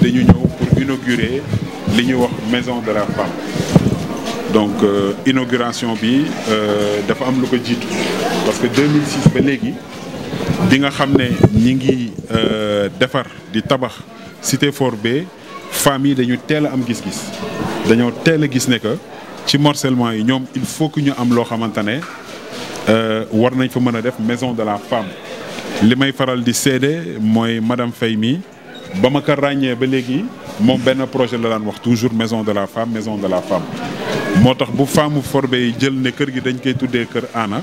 dañu ñëw pour inaugurer li ñuy wax maison de la femme donc euh, inauguration bi euh, dafa am lu ko jiitu parce que 2006 ba léegi bi nga xam ne ñi ngi euh, defar di tabax Cité Fort B femmes yi dañu teel a am gis-gis dañoo teel a gis ne que ci morcellement yi ñoom il faut que ñu am loo xamante ne euh, war nañ fa mën a def maison de la femme li may faral di seede mooy madam Faye mi ba ma ko ràññee ba léegi moom benn projet la daan wax toujours maison de la femme maison de la femme moo tax bu femme forbe yi jël ne kër gi dañ koy tuddee kër Anna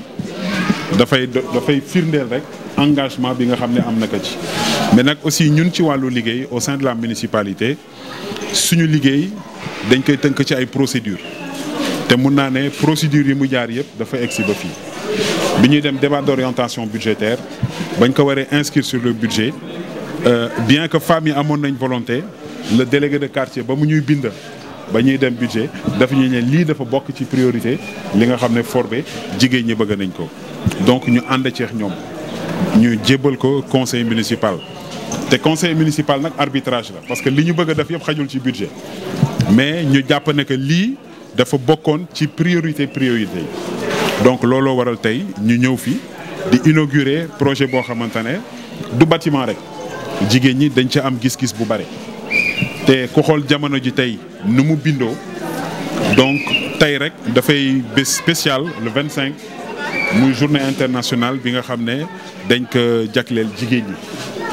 dafay dafay firndeel rek engagement bi nga xam ne am na ko ci mais nag aussi ñun ci wàllu liggéey au sein de la municipalité suñu liggéey dañ koy tënk ci ay procédures te mun naa ne procédures yi mu jaar yëpp dafa si ba fii bi ñuy dem débat d'orientation budgétaire bañ ko waree inscrire sur le budget euh, bien que femmes yi amoon nañ volonté la délégué de quartier ba mu ñuy bind ba ñuy dem budget dafa ñu ne lii dafa bokk ci priorité li nga xam ne forbe jigéen ñi bëgg nañ ko donc ñu ànd ceex ñoom ñu jébbal ko conseil municipal te conseil municipal nag arbitrage la parce que li ñu bëgg a def yëpp xajul ci budget mais ñu jàpp ne que lii dafa bokkoon ci priorité priorité yi donc looloo waral tey ñu ñëw fi di inaugurer projet boo xamante ne du batiment rek jigéen ñi dañ ca am gis-gis bu bare te ku xool jamono ji tey nu mu bindoo donc tey rek dafay bés spécial le muy journée internationale bi nga xam ne dañ ko jagleel jigéen ñi.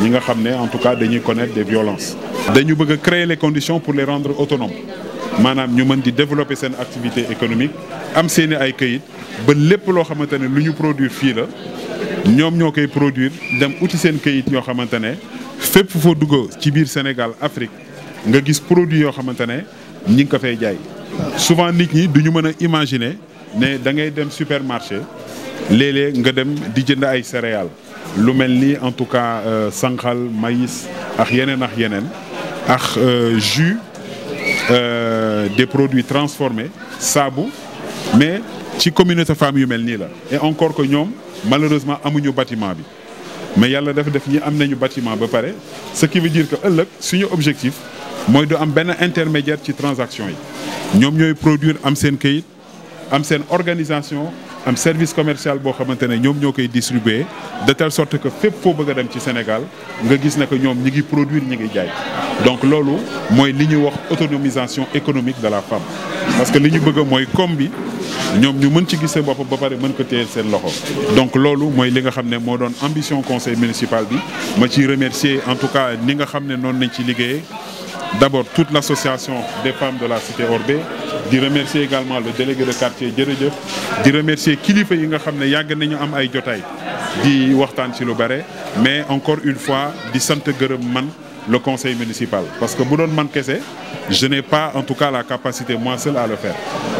ñi nga xam ne en tout cas dañuy connaître des violences. dañu bëgg a créer les conditions pour les rendre autonomes maanaam ñu mën di développer seen activité économique am seeni ay këyit ba lépp loo xamante ne lu ñu produire fii la ñoom ñoo koy produire dem uti seen këyit yoo xamante ne fépp foo dugg ci biir Sénégal Afrique nga gis produit yoo xamante ne ñi ngi ko fay jaay. souvent nit ñi du ñu mën a imaginer ne da ngay dem supermarché léeg-léeg nga dem di jënd ay céréales. lu mel ni en tout cas euh, sànqal maïs ak yeneen ak yeneen ak euh, jus euh, des produits transformés saabu mais ci communauté femmes yu mel nii la et encore que ñoom malheureusement amuñu batiment bi mais yàlla dafa def ñi am nañu batiment ba pare ce qui veut dire que ëllëg suñu objectif mooy du am benn intermédiaire ci transaction yi ñoom ñooy produir am seen këyit am seen organisation am service commercial boo xamante ne ñoom ñoo koy distribuer de sorte que fépp foo bëgg a dem ci Sénégal nga gis ne que ñoom ñi ngi produire ñi ngi jaay donc loolu mooy li ñuy wax autonomisation économique de la femme parce que li ñu bëgg mooy koom bi ñoom ñu mën ci gis seen bopp ba pare mën ko téye seen loxo donc loolu mooy li nga xam ne moo doon ambition conseil municipal bi ma ciy remercier en tout cas ni nga xam ne noonu nañ ci liggéeyee d'abord toute l'association des femmes de la cité Orbe di remercier également le délégué de quartier jërëjëf di remercier kilifa yi nga xam ne yàgg nañu am ay jotaay di waxtaan ci lu bare mais encore une fois di sant gërëm man le conseil municipal parce que bu doon man kese je n'ai pas en tout cas la capacité moi seul à le faire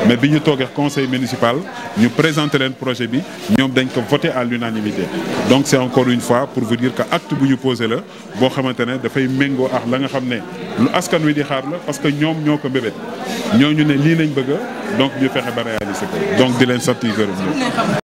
mais bi ñu toogee conseil municipal ñu présenter leen projet bi ñoom dañ ko voté à l'unanimité donc c'est encore une fois pour vous dire que acte bu ñu posé la boo xamante ne dafay méngoo ak la nga xam ne lu askan wi di xaar la parce que ñoom ñoo ko ñoo ñu ne lii lañ bëgg donc ñu fexe ba réaliser donc di leen sotti gërëm